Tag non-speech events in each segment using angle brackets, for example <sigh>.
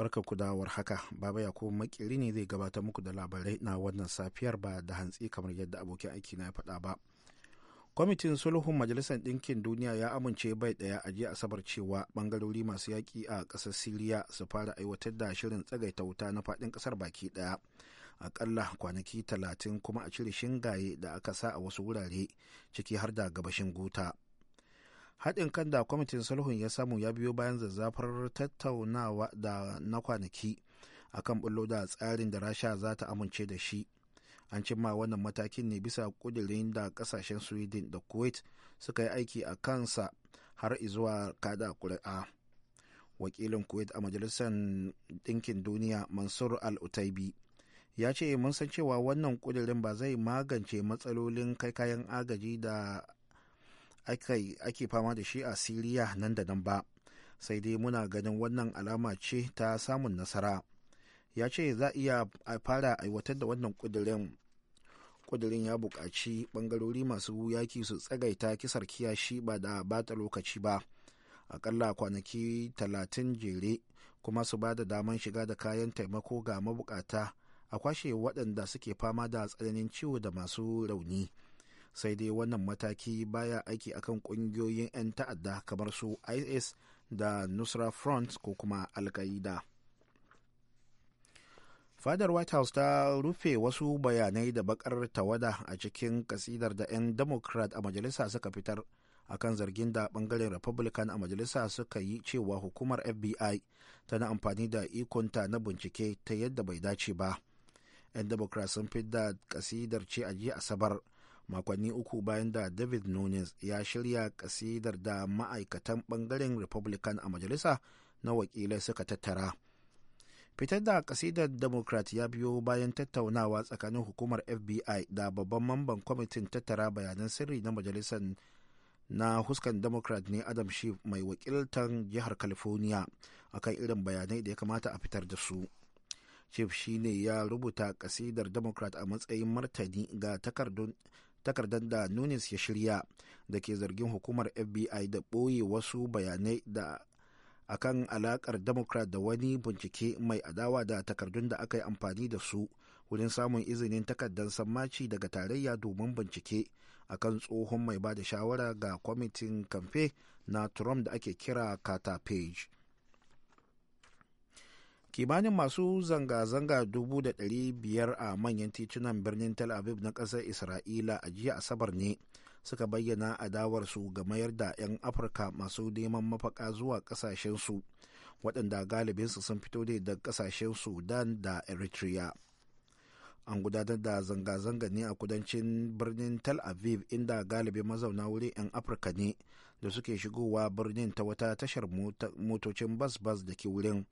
barka ku da haka baba yakub makiri ne zai gabatar muku da labarai na wannan safiyar ba da hantsi kamar yadda abokin aiki na ya faɗa ba kwamitin sulhun majalisar ɗinkin duniya ya amince bai ɗaya a jiya asabar cewa ɓangarori masu yaƙi a ƙasar siriya su fara aiwatar da shirin tsagaita wuta na faɗin ƙasar baki ɗaya aƙalla kwanaki talatin kuma a cire shingaye da aka sa a wasu wurare ciki har da gabashin guta haɗin kan da kwamitin sulhun ya samu ya biyo bayan zazzafar tattaunawa da na kwanaki akan bullo da tsarin da rasha za ta amince da shi an cimma wannan matakin ne bisa kudirin da kasashen sweden da kuwait suka yi aiki a kansa har izuwa kada kuri'a wakilin kuwait a majalisar ɗinkin duniya mansur al-utaibi ya ce mun san cewa wannan kudirin ba zai magance matsalolin kai kayan agaji da ake fama da shi a siriya nan da nan ba sai dai muna ganin wannan alama ce ta samun nasara ya ce za iya fara aiwatar da wannan kudirin kudirin ya buƙaci ɓangarori masu yaki su tsagaita kisar kiyashi ba da bata lokaci ba akalla kwanaki talatin jere kuma su ba da daman shiga da kayan taimako ga mabukata a kwashe waɗanda suke fama da tsananin ciwo da masu rauni sai dai wannan mataki baya aiki akan kungiyoyin 'yan ta'adda kamar su is da nusra front ko kuma alkaida fadar white house ta rufe wasu bayanai da bakar tawada a cikin kasidar da 'yan democrat a majalisa suka fitar akan zargin da bangaren republican a majalisa suka yi cewa hukumar fbi tana amfani da ikonta na bincike ta yadda bai dace ba 'yan democrat sun fi da kasidar ce a jiya asabar makonni uku bayan da david nunes ya shirya kasidar da ma'aikatan bangaren republican a majalisa na wakilai suka tattara fitar da kasidar democrat ya biyo bayan tattaunawa tsakanin hukumar fbi da babban mamban kwamitin tattara bayanan sirri na majalisar na huskan democrat ne adam schiff mai wakiltar jihar california akan irin bayanai da ya kamata a fitar da su shi ne ya rubuta kasidar democrat a matsayin martani ga takardun takardar da nunes ya shirya da ke zargin hukumar fbi da ɓoye wasu bayanai da akan alakar democrat da wani bincike mai adawa da takardun da aka yi amfani da su wurin samun izinin takardar sammaci daga tarayya domin bincike akan tsohon mai ba da shawara ga kwamitin kamfe na trump da ake kira carter page kimanin masu zanga-zanga dubu da biyar a manyan titunan birnin tel aviv na ƙasar isra'ila a jiya asabar ne suka bayyana adawarsu ga mayar da 'yan afirka masu neman mafaka zuwa ƙasashensu waɗanda galibinsu sun fito ne da ƙasashen sudan da eritrea an gudanar da zanga-zanga ne a kudancin birnin tel aviv inda galibin mazauna wurin 'yan afirka ne da suke shigowa birnin ta wata tashar motocin bas-bas da ke wurin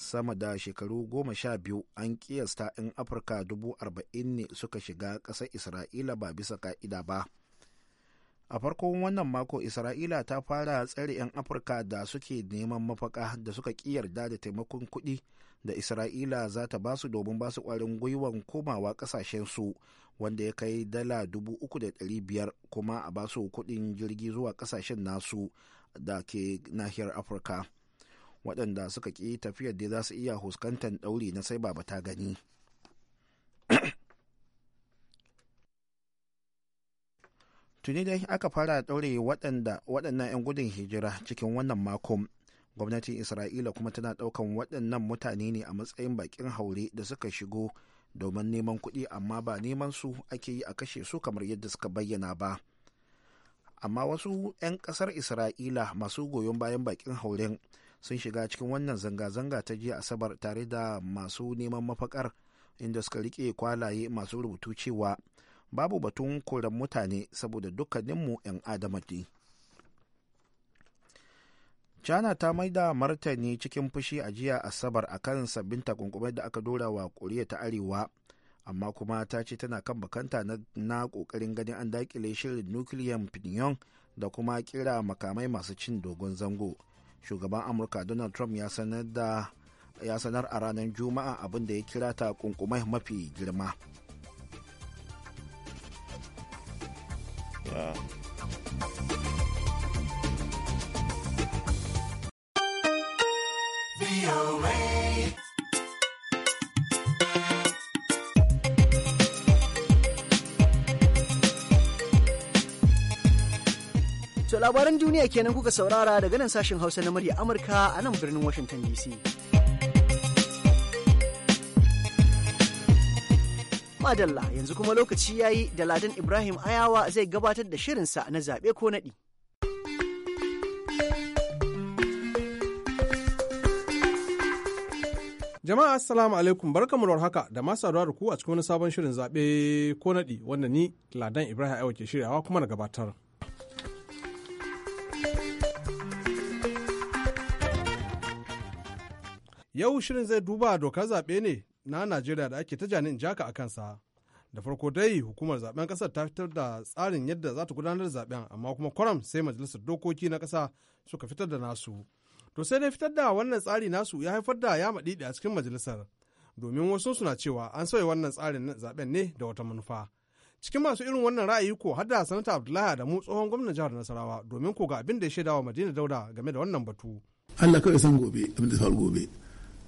sama da shekaru goma sha biyu an kiyasta in afirka dubu arba'in ne suka shiga ƙasar isra'ila ba bisa ka'ida ba a farkon wannan mako isra'ila ta fara tsare 'yan afirka da suke neman mafaka da suka yarda da taimakon kuɗi da isra'ila za ta basu domin basu ƙwarin gwiwan komawa su wanda ya kai dala dubu uku da ɗari biyar kuma a basu kuɗin jirgi zuwa ƙasashen nasu da ke nahiyar afirka waɗanda suka ƙi tafiyar da za su iya huskantar ɗauri na sai ba ta gani <coughs> tuni dai aka fara ɗaure waɗanda waɗannan 'yan gudun hijira cikin wannan makon gwamnatin isra'ila kuma tana ɗaukan waɗannan mutane ne a matsayin baƙin haure da suka shigo domin neman kuɗi amma ba neman su ake yi a kashe su kamar yadda suka bayyana ba amma wasu 'yan ƙasar isra'ila masu goyon bayan baƙin hauren sun shiga cikin wannan zanga-zanga ta jiya asabar tare da masu neman mafakar inda suka rike kwalaye masu rubutu cewa babu batun koran mutane saboda dukkaninmu 'yan adamati china ta maida martani cikin fushi a jiya asabar a kan sabbin takunkumai da aka dora wa koriya ta arewa amma kuma ta ce tana kan bakanta na kokarin ganin an dakile shirin nukiliyan pinyon da kuma kira makamai masu cin dogon zango shugaban amurka donald trump ya sanar da ya sanar a ranar juma'a abin da ya kira ta kunkumai mafi girma yeah. To labaran duniya kenan kuka saurara daga nan sashen Hausa na murya Amurka a nan birnin Washington DC. Madalla yanzu kuma lokaci ya yi da Ladan Ibrahim Ayawa zai gabatar da shirinsa na zaɓe ko naɗi. Jama'a assalamu alaikum kamar war haka da masu da ku a cikin wani sabon shirin zaɓe ko naɗi wanda ni Ladan Ibrahim Ayawa ke shiryawa kuma na gabatar. Yau shirin zai duba dokar zaɓe ne na Najeriya da ake ta janin jaka a kansa. Da farko dai hukumar zaben kasar ta fitar da tsarin yadda za ta gudanar zaben amma kuma kwaram sai majalisar dokoki na kasa suka fitar da nasu. To sai dai fitar da wannan tsari nasu ya haifar da ya maɗiɗi a cikin majalisar. Domin wasu suna cewa an sauya wannan tsarin zaben ne da wata manufa. cikin masu irin wannan ra'ayi ko har sanata abdullahi adamu tsohon gwamnan jihar nasarawa domin ko ga abin da ya shaidawa madina dauda game da wannan batu allah kawai san gobe abin da faru gobe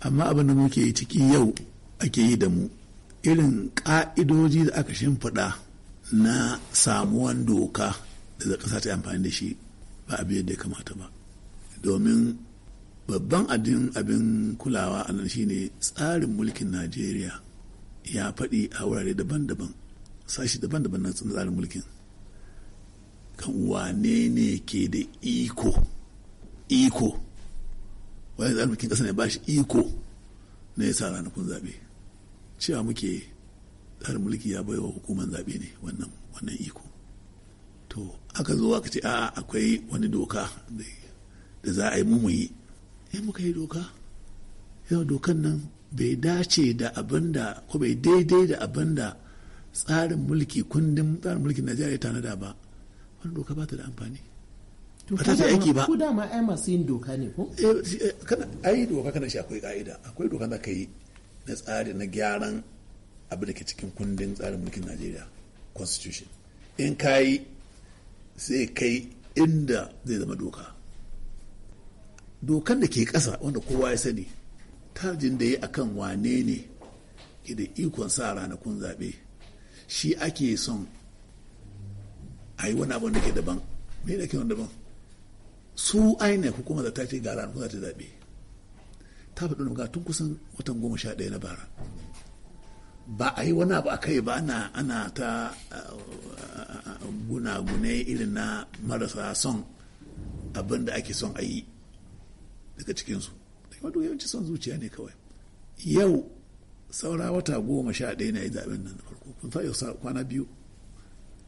amma abin da muke ciki yau ake yi da mu irin ka'idoji da aka shimfiɗa na samuwan doka da ƙasa ta amfani da shi ba abin da ya kamata ba domin babban abin abin kulawa a nan shine tsarin mulkin najeriya ya faɗi a wurare daban-daban sashi daban-daban na tsarin mulkin kan wane ne ke da iko iko bayan zaɓukin ƙasa ne ba shi iko na ya sa ranakun zaɓe cewa muke tsarin mulki ya baiwa hukumar zaɓe ne wannan iko to aka zo aka ce a'a akwai wani doka da za a yi mu yi in muka yi doka yau dokan nan bai dace da abin ko bai daidai da abin tsarin mulki kundin tsarin mulkin najeriya ya tanada ba wani doka ba ta da amfani ba ta aiki ba ku dama ai masu yin doka ne ko eh, eh, ai doka kana shi akwai ka'ida akwai doka da kai na tsari na gyaran abu da ke cikin kundin tsarin mulkin najeriya constitution in ka yi sai kai inda zai zama doka dokan da ke ƙasa wanda kowa ya sani tarjin da ya akan wane ne ke da ikon sa ranakun zaɓe shi ake son a yi wani abin da ke daban me da ke wani daban su ainihin hukumar da ta ce ga ranakun ta zaɓe ta faɗi wani tun kusan watan goma sha ɗaya na bara ba a yi wani abu a kai ba ana ana ta eh, gunagune irin na marasa son abin da ake son a yi daga cikinsu wato yawanci son zuciya ne kawai yau saura wata goma sha ɗaya na yi zaɓen nan farko kun sa yau kwana biyu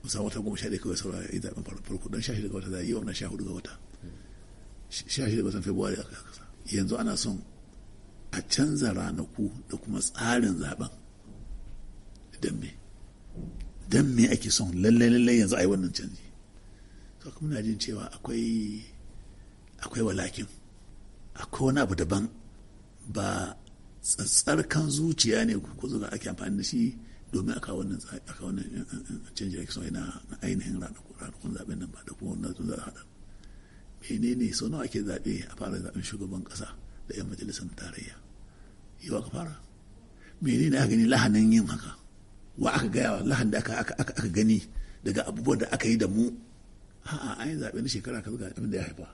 Kun sa wata goma sha ɗaya kawai saura yi zaɓen farko don sha shida ga wata zai yi yau na sha hudu ga wata 16 watan februari aka kasa yanzu ana son a canza ranaku da kuma tsarin zaben don me don me ake son lallai lallai yanzu a yi wannan canji Kuma na jin cewa akwai akwai walakin akwai wani abu daban ba tsatsarkan zuciya ne ko zuwa ake amfani da shi domin aka wannan aka wannan eh, eh, eh, canji ake son yana ainihin ranakun zaben nan ba da kuma wannan zuwa haɗa menene so nawa ake zaɓe a fara zaɓen shugaban ƙasa da 'yan majalisar tarayya yiwa aka fara menene aka gani lahanin yin haka wa aka gaya wa lahan da aka gani daga abubuwan da aka yi da mu a'a an yi zaɓe na shekara kaza ga abin da ya haifa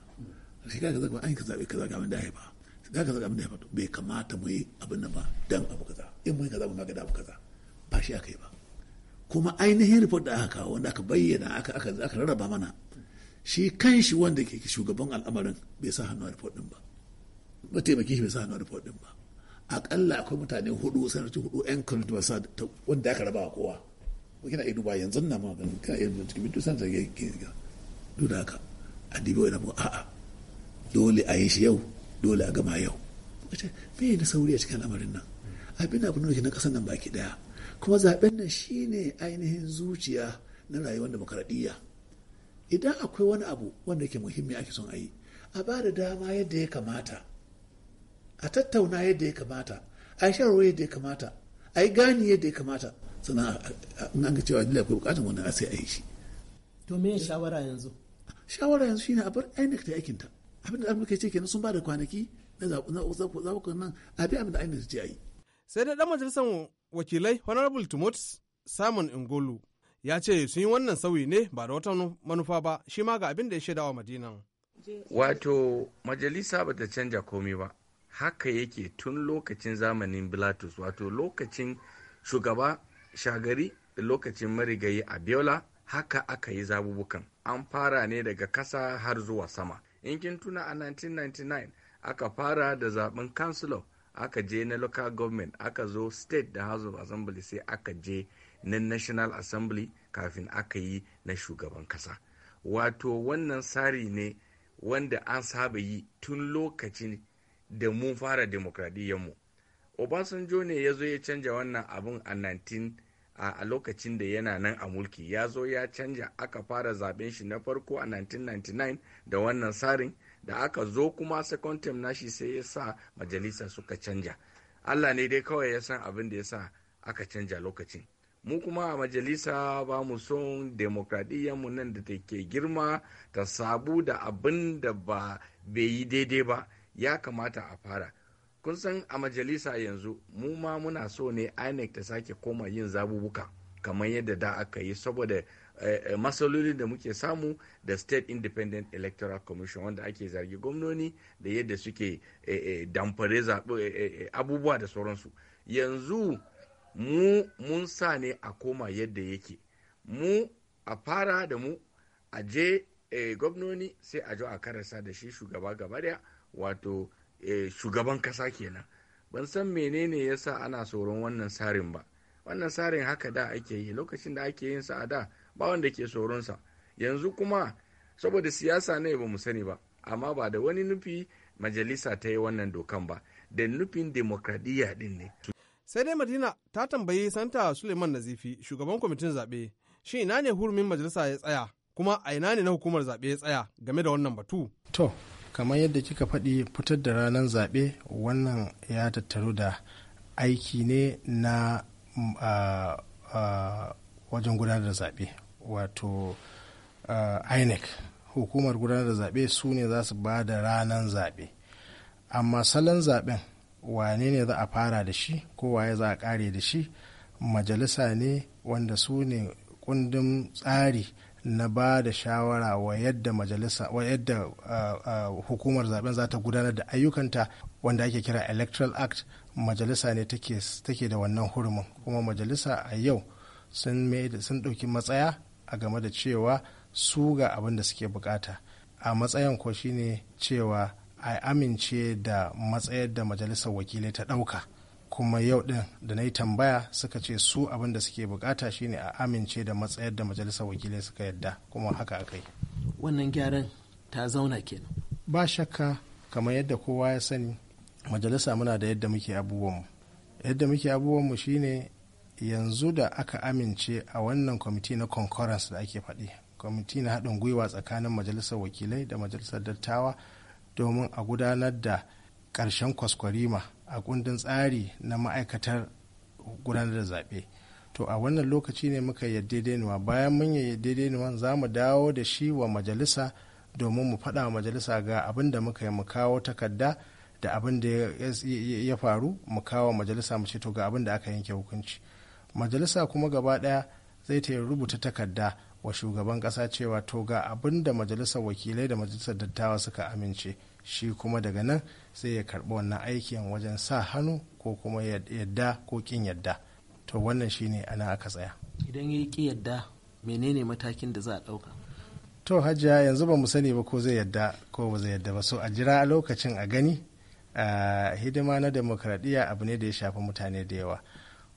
shekara kaza ga an yi zaɓe kaza ga abin da ya haifa shekara kaza ga abin da ya haifa bai kamata mu yi abin nan ba dan abu kaza in mu yi kaza mu ma ga abu kaza ba shi aka yi ba kuma ainihin report da aka kawo wanda aka bayyana aka aka rarraba mana shi kan shi wanda ke shugaban al'amarin bai sa hannu a report din ba mataimakin shi bai sa hannu a report din ba akalla akwai mutane hudu sanarci hudu yan kurdu ba wanda aka raba kowa kina iya duba yanzu na ma ganin kina iya bincike bincike sanar da ke duk da haka a dibi wani abu a'a dole a yi shi yau dole a gama yau me ne sauri a cikin al'amarin nan abin abu nuna na kasan nan baki daya kuma zaben nan shine ainihin zuciya na rayuwar demokaradiyya idan akwai wani abu wanda ke muhimmi ake son a yi a ba da dama yadda ya kamata a tattauna yadda ya kamata a yi shawarwa yadda ya kamata a yi gani yadda ya kamata sannan in an ga cewa dole akwai bukatan wannan sai a yi shi to me shawara yanzu shawara yanzu shine a bar ainihin ta aikinta abinda da muka ce kenan sun ba da kwanaki na zaɓuɓɓukan nan a bi abinda ainihin ta ce a yi sai da dan majalisar wakilai honorable tumot simon ingolu ya ce sun yi wannan sauyi ne ba da wata manufa ba shi ma ga abin da ya shaida wa madinan wato majalisa ba ta canja komai ba haka yake tun lokacin zamanin bilatus wato lokacin shugaba shagari da lokacin marigayi abiola haka aka yi zabubukan an fara ne daga kasa har zuwa sama in kin tuna a 1999 aka fara da zaben councilor aka je na local government aka zo state da house of assembly sai aka je na national assembly kafin aka yi na shugaban kasa wato wannan tsari ne wanda an saba yi tun lokacin da mun fara demokradiyyarmu obasanjo ne ya zo ya canja wannan abin a 19 a lokacin da yana nan a mulki ya zo ya canja aka fara zaben shi na farko a 1999 da wannan tsarin da aka zo kuma second term nashi sai ya sa majalisa suka canja allah ne dai kawai ya san abin da ya sa aka canja lokacin mu kuma a majalisa ba mu son mu nan da take girma ta sabu da abin da ba bai yi daidai ba ya kamata a fara kun san a majalisa yanzu mu ma muna so ne inec ta sake koma yin zabubuka kamar yadda da aka yi saboda eh, eh, matsalolin da muke samu da state independent electoral commission wanda ake zargi gwamnoni da yadda suke eh, damfare abubuwa da sauransu yanzu mu mun sa ne a koma yadda yake mu a fara da mu a je e, gwamnoni sai a jo a karasa da shi shugaba gaba daya wato e, shugaban kasa kenan ban san menene yasa ana tsoron wannan sarin ba wannan sarin haka da ake yi lokacin da ake yin sa a da ba wanda ke tsoronsa yanzu kuma saboda siyasa ne ba mu sani ba amma ba da wani nufi majalisa ta yi wannan dokan ba da nufin demokradiyya din ne sai dai madina ta tambayi santa suleiman nazifi shugaban kwamitin zaɓe shi ina ne hurumin majalisa ya tsaya kuma a ina ne na hukumar zaɓe ya tsaya game da wannan batu to kamar yadda kika faɗi fitar da ranar zaɓe wannan ya tattaru da aiki ne na mm, wajen gudanar da zaɓe wato inec hukumar gudanar da zaɓe su ne za su ba da ranar zaɓe amma salon zaɓen wane ne za a fara da shi ko waye za a kare da shi majalisa ne wanda su ne kundin tsari na ba da shawara wa yadda majalisa wa yadda hukumar zaben za ta gudanar da ayyukanta wanda ake kira electoral act majalisa ne take da wannan hurumin kuma majalisa a yau sun ɗauki matsaya a game da cewa su ga abin da suke bukata a matsayin ko shine cewa a amince da matsayar da majalisar wakilai ta ɗauka kuma yau ɗin da na yi tambaya suka ce su abin da suke bukata shine a amince da matsayar da majalisar wakilai suka yadda kuma haka aka yi wannan gyaran ta zauna kenan ba shakka kamar yadda kowa ya sani majalisa muna da yadda muke abubuwanmu yadda muke abubuwanmu shine yanzu da aka amince a wannan kwamiti na concurrence da ake faɗi kwamiti na haɗin gwiwa tsakanin majalisar wakilai da majalisar dattawa domin a gudanar da ƙarshen kwaskwarima a kundin tsari na ma'aikatar gudanar da zaɓe to a wannan lokaci ne muka yaddedenuwa bayan mun yaddedenuwan za mu dawo da shi wa majalisa domin mu faɗa wa majalisa ga abin da muka yi mu kawo takarda da abin da ya faru mu kawo majalisa mu ce to ga abin da aka yanke hukunci majalisa kuma gaba ɗaya zai ta rubuta takarda wa shugaban ƙasa cewa to ga abin da majalisar wakilai da majalisar dattawa suka amince shi kuma daga nan sai ya karɓi wannan aikin wajen sa hannu ko kuma yadda ko kin yadda to wannan shi ne ana aka tsaya idan ya ki yadda menene matakin da za a ɗauka to hajiya yanzu ba mu sani ba ko zai yadda ko ba zai yadda ba so a jira a lokacin a gani hidima na demokradiyya abu ne da ya shafi mutane da yawa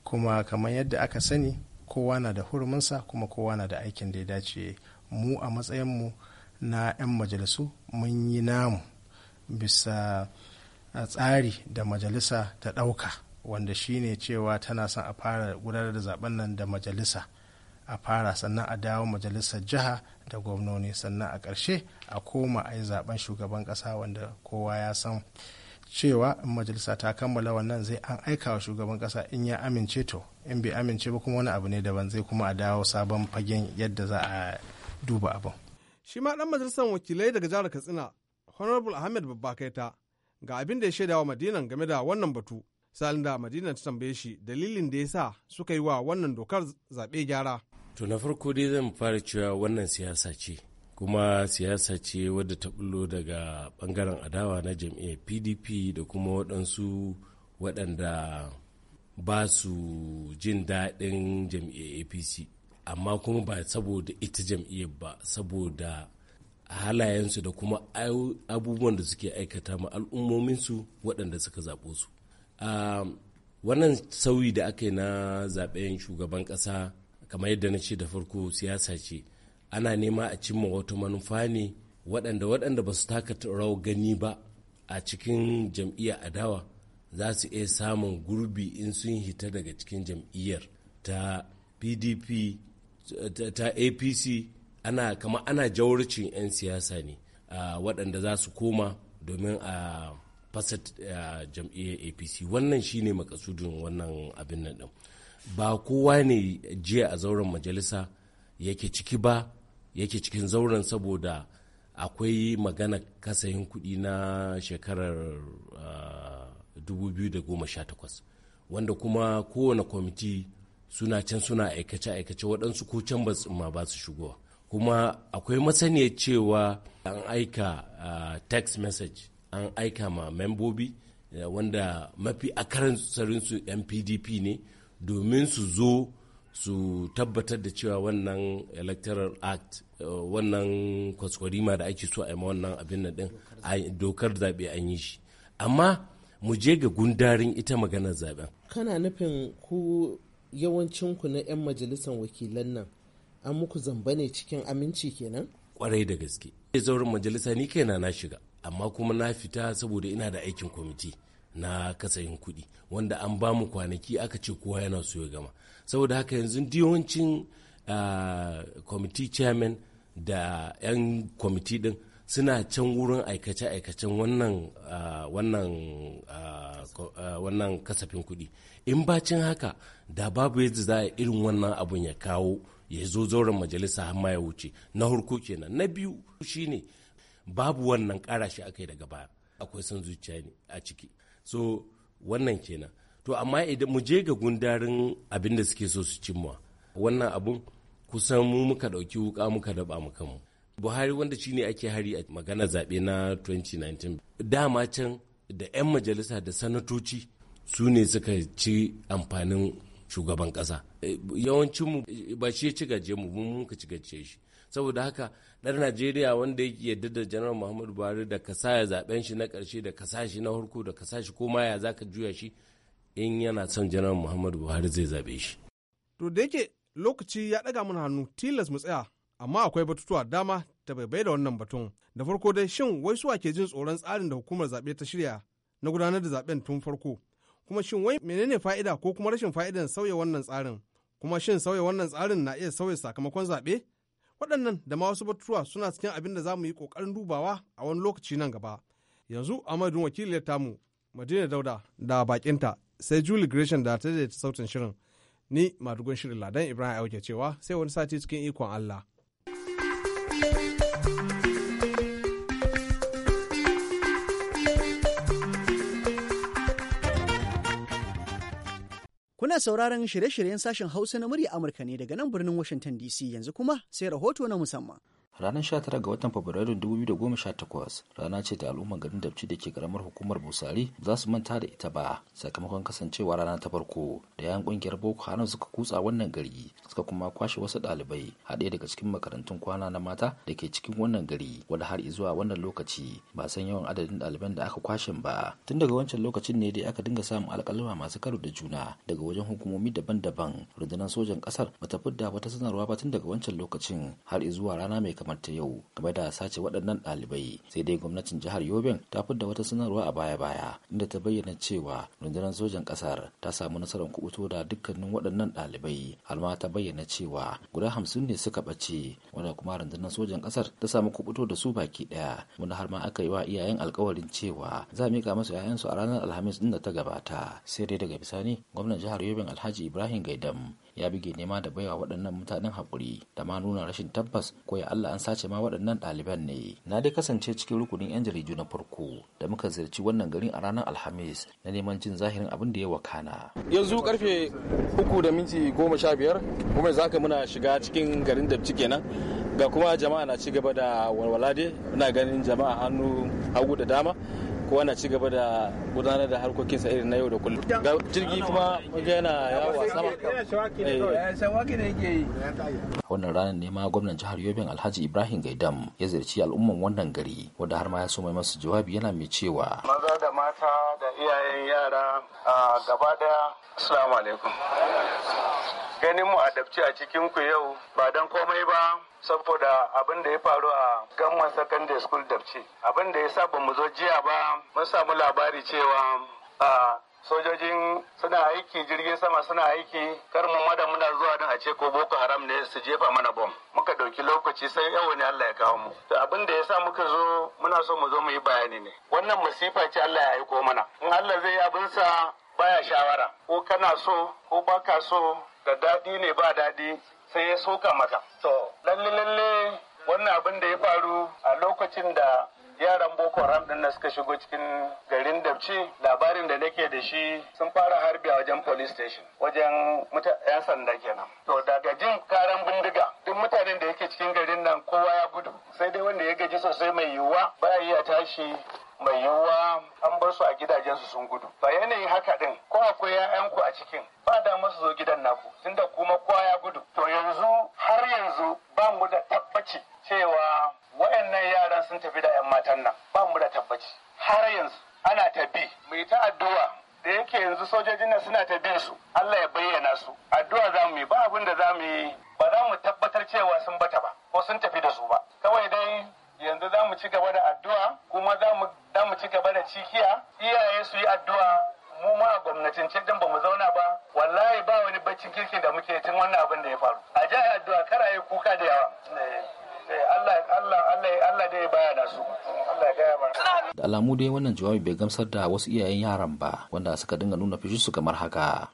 kuma kamar yadda aka sani kowa na da hurminsa kuma kowa na da aikin da ya dace mu a matsayinmu na 'yan majalisu mun yi namu bisa ah, tsari da majalisa ta ɗauka wanda shine cewa tana son a fara gudanar da zaben nan da majalisa a fara sannan a dawo majalisar jiha da gwamnoni sannan a ƙarshe a koma a yi zaben shugaban ƙasa wanda kowa ya san cewa majalisa ta kammala wannan zai an aika wa shugaban ƙasa in ya amince to in bai amince ba kuma wani abu ne daban zai kuma a dawo sabon fagen yadda za a duba abin. shi ma ɗan majalisar wakilai daga jihar katsina honorable ahmed babba ta ga abin da ya shaida wa madinan game da wannan batu salin da madina ta tambaye shi dalilin da ya sa suka yi wa wannan dokar zaɓe gyara to na farko dai zan fara cewa wannan siyasa ce kuma siyasa ce wadda ta bullo daga bangaren adawa na jam'iyyar pdp da kuma waɗansu waɗanda ba su jin daɗin jam'iyyar apc amma kuma ba saboda ita jam'iyyar ba saboda halayensu da kuma abubuwan da suke aikata ma al'ummominsu waɗanda suka zaɓo su wannan sauyi da aka yi na zaɓen shugaban ƙasa kamar yadda na ce da farko siyasa ce ana nema a cimma wata manufa ne waɗanda waɗanda ba su taka rawar gani ba a cikin jam'iyyar adawa za su iya samun gurbi in sun hita daga cikin jam'iyyar ta pdp ta apc ana kama ana jawarcin 'yan siyasa ne a waɗanda za su koma domin a a jam'iyyar apc wannan shi ne makasudin wannan abin nan ɗin ba kowa ne jiya a zauren majalisa yake ciki ba yake cikin zauren saboda akwai magana kasayin kuɗi na shekarar 2018 wanda kuma kowane kwamiti suna can suna aikace-aikace waɗansu ko can ba su shigowa kuma akwai masaniya cewa an aika uh, text message an aika ma membobi eh, wanda mafi akaransarinsu yan pdp ne domin su zo su tabbatar da cewa wannan electoral act uh, wannan kwaskwarima da ake so a yi wannan abin na din dokar zaɓe an yi shi amma mu je ga gundarin ita maganar zaɓen kana nufin ku yawancinku na 'yan majalisar wakilan nan an muku zamba ne cikin aminci kenan kwarai da gaske zaurin majalisa ni kaina na shiga amma kuma na fita saboda ina da aikin kwamiti na kasayin kuɗi wanda an ba mu kwanaki aka ce kowa yana so ya gama saboda haka yanzu yawancin ah, kwamiti chairman da 'yan kwamiti din suna can wurin aikace-aikacen wannan ah, wannan ah, wannan kasafin kuɗi in bacin haka da babu yadda za a irin wannan abun ya kawo ya zo zauren majalisa har ma ya wuce na harko kenan na biyu shine babu wannan kara shi yi daga baya akwai son zuciya ne a ciki so wannan kenan to amma idan mu je ga gundarin abin da suke so su cimma wannan abun kusan mu muka ɗauki wuka muka daba mu kanmu buhari wanda shine ake hari a magana zaɓe na 2019 dama can da 'yan majalisa da sanatoci su ne suka ci amfanin shugaban ƙasa eh, yawancin mu eh, ba shi ya ci gaje mu mun muka ci gaje shi saboda haka ɗan najeriya wanda yake yadda da General muhammadu buhari da kasa ya zaben shi na ƙarshe da kasa shi na harko da kasa shi ko ma ya zaka juya shi in yana son General muhammadu buhari zai zabe shi to da yake lokaci ya ɗaga mun hannu tilas mu tsaya amma akwai batutuwa dama ta bai da wannan batun da farko dai shin wai suwa ke jin tsoron tsarin da hukumar zaɓe ta shirya na gudanar da zaɓen tun farko kuma shin wai menene fa'ida ko kuma rashin fa'idan sauya wannan tsarin kuma shin sauya wannan tsarin na iya sauya sakamakon zaɓe waɗannan da ma wasu batutuwa suna cikin abin da za mu yi ƙoƙarin dubawa a wani lokaci nan gaba yanzu a madadin wakiliyar tamu madina dauda da bakinta sai julie gresham da ta daidaita sautin shirin ni madugun shirin ladan ibrahim auke cewa sai wani sati cikin ikon allah Kuna sauraron shirye-shiryen sashen Hausa na murya Amurka ne daga nan birnin Washington DC yanzu kuma sai rahoto na musamman. Ranar 19 ga watan dubu da goma sha takwas rana ce da al'ummar garin Dabci da ke karamar hukumar Busari za su manta da ita ba sakamakon kasancewa rana ta farko da yayan kungiyar Boko Haram suka kutsa wannan gari suka kuma kwashe wasu ɗalibai haɗe daga cikin makarantun kwana na mata da ke cikin wannan gari wanda har zuwa wannan lokaci ba san yawan adadin ɗaliban da aka kwashe ba tun daga wancan lokacin ne dai aka dinga samun alƙaluma masu karo da juna daga wajen hukumomi daban-daban rundunar sojan ƙasar bata fidda wata sanarwa ba tun daga wancan lokacin har zuwa rana mai kamar ta yau game da sace waɗannan ɗalibai sai dai gwamnatin jihar yobin ta da wata sanarwa a baya-baya inda ta bayyana cewa rundunar sojan ƙasar ta samu nasarar kubuto da dukkanin waɗannan ɗalibai har ma ta bayyana cewa guda hamsin ne suka ɓace wanda kuma rundunar sojan ƙasar ta samu kubuto da su baki ɗaya wanda har ma aka yi wa iyayen alkawarin cewa za a mika masu 'ya'yansu a ranar alhamis ɗin da ta gabata sai dai daga bisani gwamnan jihar yobin alhaji ibrahim gaidam ya buge nema da baiwa waɗannan mutanen haƙuri da ma nuna rashin tabbas ko ya Allah an sace ma waɗannan ɗaliban ne na dai kasance cikin rukunin yan jaridu na farko da muka ziyarci wannan garin a ranar alhamis na neman jin zahirin abin da ya wakana yanzu karfe uku da minti goma sha biyar kuma zaka muna shiga cikin garin dabci kenan ga kuma jama'a na ci gaba da walwala dai ina ganin jama'a hannu hagu da dama kowa na ci gaba da gudanar da harkokinsa irin na yau da kullum ga jirgi kuma yana yawo a sama eh. wannan ranar ne ma gwamnan jihar yobin alhaji ibrahim gaidam ya ziyarci al'umman wannan gari wanda har ma ya so mai masu jawabi yana mai cewa maza da mata da iyayen yara a ah, gaba daya assalamu alaikum ganin mu adabci a cikin ku yau ba dan komai ba saboda abin da ya faru a gamman secondary school dabci abin da ya sa ba mu zo jiya ba mun samu labari cewa a sojojin suna aiki jirgin sama suna aiki kar mu mada muna zuwa don a ce ko boko haram ne su jefa mana bom muka dauki lokaci sai yau ne Allah ya kawo mu to abin da yasa muka zo muna so mu zo mu yi bayani ne wannan masifa ce Allah ya aiko mana in Allah zai yi abin baya shawara ko kana so ko baka so da daɗi ne ba daɗi sai ya soka maka to lalle lalle wannan abin da ya faru a lokacin da yaran boko haram din suka shigo cikin garin dabci labarin da nake da shi sun fara harbi a wajen police station wajen yan sanda kenan to daga jin karan bindiga duk mutanen da yake cikin garin nan kowa ya gudu sai dai wanda ya gaji sosai mai yiwuwa Ba iya tashi mai yiwuwa an bar su a gidajensu sun gudu ba yanayin haka din ko akwai ku a cikin da musu zo gidan naku tunda kuma kowa ya gudu to yanzu har yanzu ba mu da tabbaci cewa wayannan yaran sun tafi da 'yan matan nan ba mu da tabbaci har yanzu ana tafi mu yi ta addu'a da yake yanzu sojojin nan suna ta bin su Allah ya bayyana su addu'a za mu yi ba abin da za mu yi ba za mu tabbatar cewa sun bata ba ko sun tafi da su ba kawai dai yanzu za mu ci gaba da addu'a kuma za mu ci gaba da cikiya iyaye su yi addu'a mu ma a gwamnatin ce dan ba mu zauna kirki da muke tun wannan abin da ya faru a jihar addu'a kar a yi kuka da yawa eh, eh, da alamu dai wannan jawabi bai gamsar da wasu iyayen yaran ba wanda suka dinga nuna fushi su kamar haka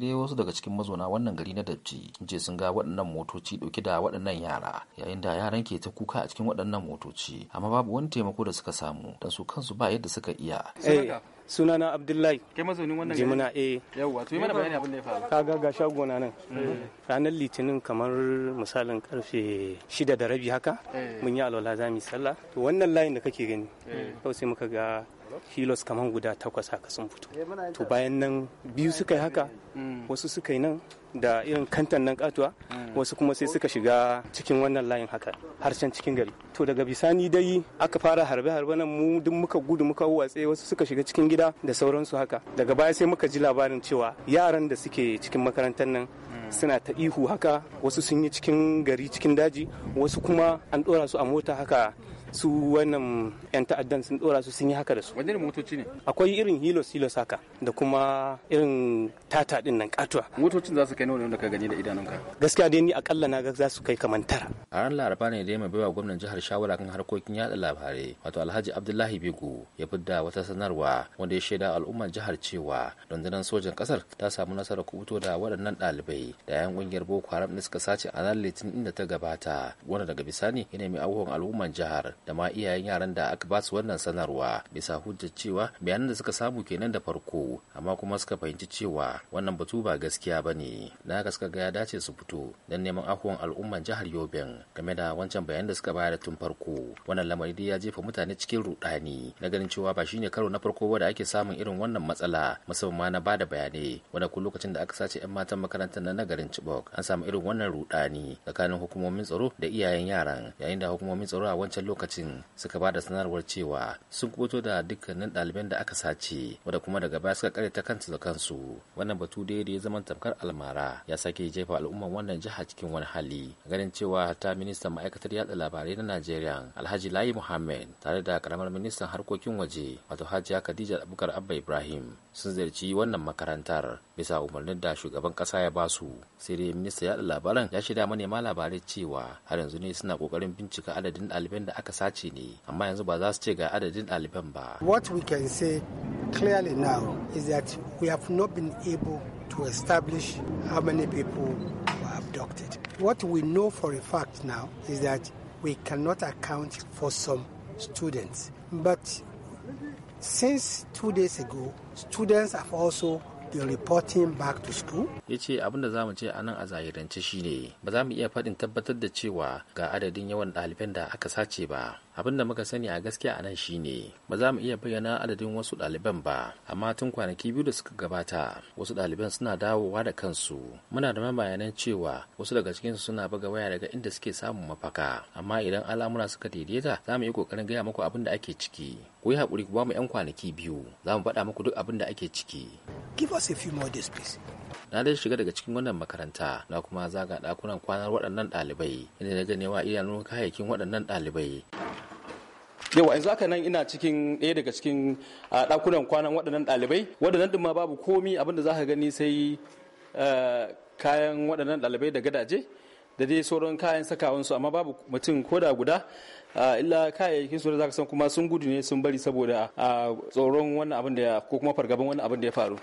dai wasu daga cikin mazauna wannan gari na dabci sun ce sun ga waɗannan motoci ɗauke da waɗannan yara yayin da yaran ke ta kuka a cikin waɗannan motoci amma babu wani taimako da suka samu don su kansu ba yadda suka iya eh, sunana abdullahi kai mazaunin wannan jimina eh yawa to yi mana bayani abin ya faru kaga ga shagona nan eh. ranar litinin kamar misalin karfe shida da rabi haka eh. mun yi alwala za mu sallah to wannan layin da kake gani kawai sai muka ga hilos kamar guda takwas haka sun fito eh, to bayan nan biyu suka yi haka wasu suka yi nan da irin kantan nan katuwa mm. wasu kuma sai suka shiga cikin wannan layin haka harshen cikin gari to daga bisani dai aka fara harbe harbe nan mu duk muka gudu muka watse wasu suka shiga cikin gida da sauransu haka daga baya sai muka ji labarin cewa yaran da suke cikin makarantar nan mm. suna ta ihu haka wasu sun yi cikin gari cikin daji wasu kuma an dora su a mota haka su wannan 'yan ta'addan sun dora su sun yi haka da su wani motoci ne akwai irin hilos hilos haka da kuma irin tata din nan katuwa motocin za su kai nawa ne ka gani da idanunka gaskiya dai ni akalla na ga za su kai kamar tara a ran laraba ne dai mai baiwa gwamnan jihar shawara kan harkokin yada labarai wato alhaji abdullahi bego ya fidda wata sanarwa wanda ya shaida al'ummar jihar cewa rundunar sojan kasar ta samu nasarar kubuto da waɗannan ɗalibai da 'yan ƙungiyar boko haram da suka sace a ranar litinin inda ta gabata wanda daga bisani ya nemi abubuwan al'ummar jihar da ma iyayen yaran da aka ba su wannan sanarwa bisa hujjar cewa bayanan da suka samu kenan da farko amma kuma suka fahimci cewa wannan batu ba gaskiya ba ne da haka suka ga ya dace su fito don neman ahuwan al'umman jihar yobin game da wancan bayanan da suka bayar tun farko wannan lamari dai ya jefa mutane cikin rudani na ganin cewa ba shine karo na farko ba da ake samun irin wannan matsala musamman ma na bada bayanai wanda ko lokacin da aka sace 'yan matan makarantar na garin chibok an samu irin wannan rudani tsakanin hukumomin tsaro da iyayen yaran yayin da hukumomin tsaro a wancan lokacin lokacin suka ba da sanarwar cewa sun kubuto da dukkanin ɗaliban da aka sace wadda kuma daga baya suka kare ta kansu da kansu wannan batu dai da ya zama tamkar almara ya sake jefa al'umman wannan jiha cikin wani hali ganin cewa ta ministan ma'aikatar yada labarai na najeriya alhaji layi muhammed tare da karamar ministan harkokin waje wato hajiya khadija abubakar abba ibrahim sun ziyarci wannan makarantar bisa umarnin da shugaban kasa ya basu sai dai minista yada labaran ya shaida manema labarai cewa har yanzu ne suna kokarin bincika adadin ɗaliban da aka sace ne amma yanzu ba za su ce ga adadin ɗaliban ba what we can say clearly now is that we have not been able to establish how many people were abducted what we know for a fact now is that we cannot account for some students but since two days ago students have also reporting back Ya ce abin da za mu ce a nan a zahirance ne ba za mu iya faɗin tabbatar da cewa ga adadin yawan ɗaliban da aka sace ba. Abin da muka sani a gaskiya a nan shi ne ba za mu iya bayyana adadin wasu ɗaliban ba, amma tun kwanaki biyu da suka gabata wasu ɗaliban suna dawowa da kansu. Muna da mabayanan cewa wasu daga cikinsu suna buga waya daga inda suke samun mafaka, amma idan al'amura suka daidaita za mu yi ƙoƙarin gaya muku abin da ake ciki. ku yi haƙuri ku ba mu 'yan kwanaki biyu za mu faɗa muku duk abin da ake ciki. Give us a few more days please. Na dai shiga daga cikin wannan makaranta na kuma zaga ɗakunan kwanar waɗannan ɗalibai inda na ganewa idanun kayayyakin waɗannan ɗalibai. yawa yanzu haka nan ina cikin ɗaya daga cikin ɗakunan kwanan waɗannan ɗalibai waɗannan ɗin ma babu komi abin da za ka gani sai kayan waɗannan ɗalibai da gadaje da dai sauran kayan sakawansu amma babu mutum ko da guda Ah, illa kayayyakin su da zaka san kuma sun gudu ne sun bari saboda ah, tsoron wannan abin da ya ko kuma fargaban wannan abin da ya faru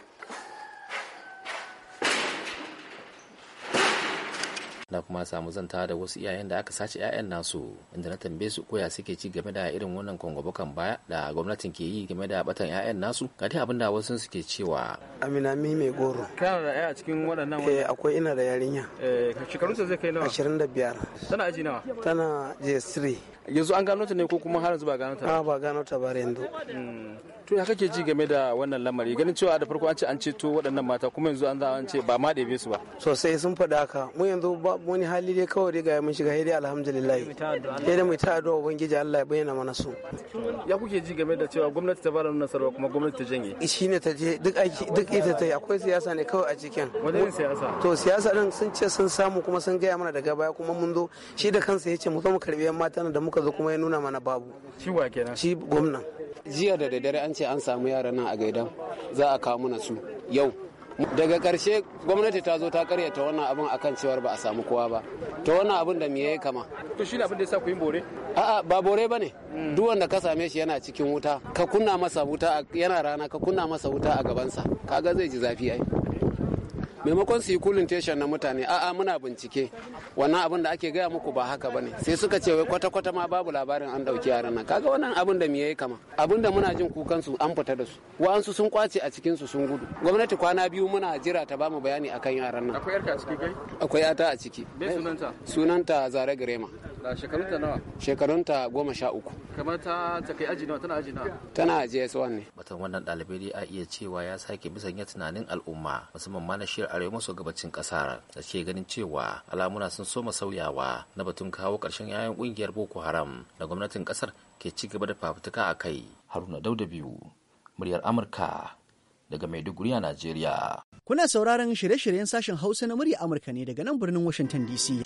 na kuma samu zanta da wasu iyayen da aka sace 'ya'yan nasu inda na tambaye su koya suke ci game da irin wannan kwangobokan baya da gwamnatin ke yi game da batan 'ya'yan nasu ga dai abin da wasu suke cewa amina mi mai goro kana da 'ya'ya cikin waɗannan eh akwai ina da yarinya eh shekarun ta zai kai nawa 25 tana aji nawa tana js3 yanzu an gano ta ne ko kuma har yanzu ba gano ta ba ah, ba gano ta ba yanzu hmm. to ya kake ji game da wannan lamari ganin cewa da farko an ce an ceto waɗannan mata kuma yanzu an za an ce ba ma ɗebe su ba sosai sun faɗa haka mu yanzu ba wani hali dai kawai dai ga mun shiga hidai alhamdulillah ya da mai ta a ubangiji Allah ya bayyana mana su ya kuke ji game da cewa gwamnati ta nuna nasarwa kuma gwamnati ta janye Shi ne ta je duk aiki duk ita ta yi akwai siyasa ne kawai a cikin wajen siyasa to siyasa din sun ce sun samu kuma sun gaya mana daga baya kuma mun zo shi da kansa ya ce mu zo mu karbi yan mata da muka zo kuma ya nuna mana babu shi wa kenan shi gwamnan jiya da daddare an ce an samu yaran nan a gaidan za a kawo mana su yau daga karshe gwamnati ta zo ta karyata wannan abin akan cewar ba a samu kowa ba to wannan abin da me ya kama to shi abin da ya sa ku yi bore a'a ba bore bane mm. duk wanda ka same shi yana cikin wuta ka kunna masa wuta yana rana ka kunna masa wuta a gabansa kaga zai ji zafi ai maimakon su yi kulun teshan na mutane a'a muna bincike wannan abin da ake gaya muku ba haka bane sai suka ce wai kwata kwata ma babu labarin an dauki yaran nan kaga wannan abin da me yayi kama abin da muna jin kukan su an fita da su wa'ansu sun kwace a cikin su sun gudu gwamnati kwana biyu muna jira ta bamu bayani akan yaran nan akwai yarka a ciki kai akwai yata a ciki sunanta sunanta zare grema da shekarunta nawa shekarunta goma sha uku kamar ta ta kai aji nawa tana aji nawa tana aji s wanne ne wannan dalibai a iya cewa ya sake bisa tunanin al'umma musamman ma na shirin arewa maso gabacin kasar da ke ganin cewa alamuna sun soma sauyawa na batun kawo karshen 'ya'yan ƙungiyar boko haram da gwamnatin kasar ke ci gaba da fafutuka a kai haruna dauda biyu muryar amurka daga maiduguri a najeriya kuna sauraron shirye-shiryen sashen hausa na murya amurka ne daga nan birnin washington dc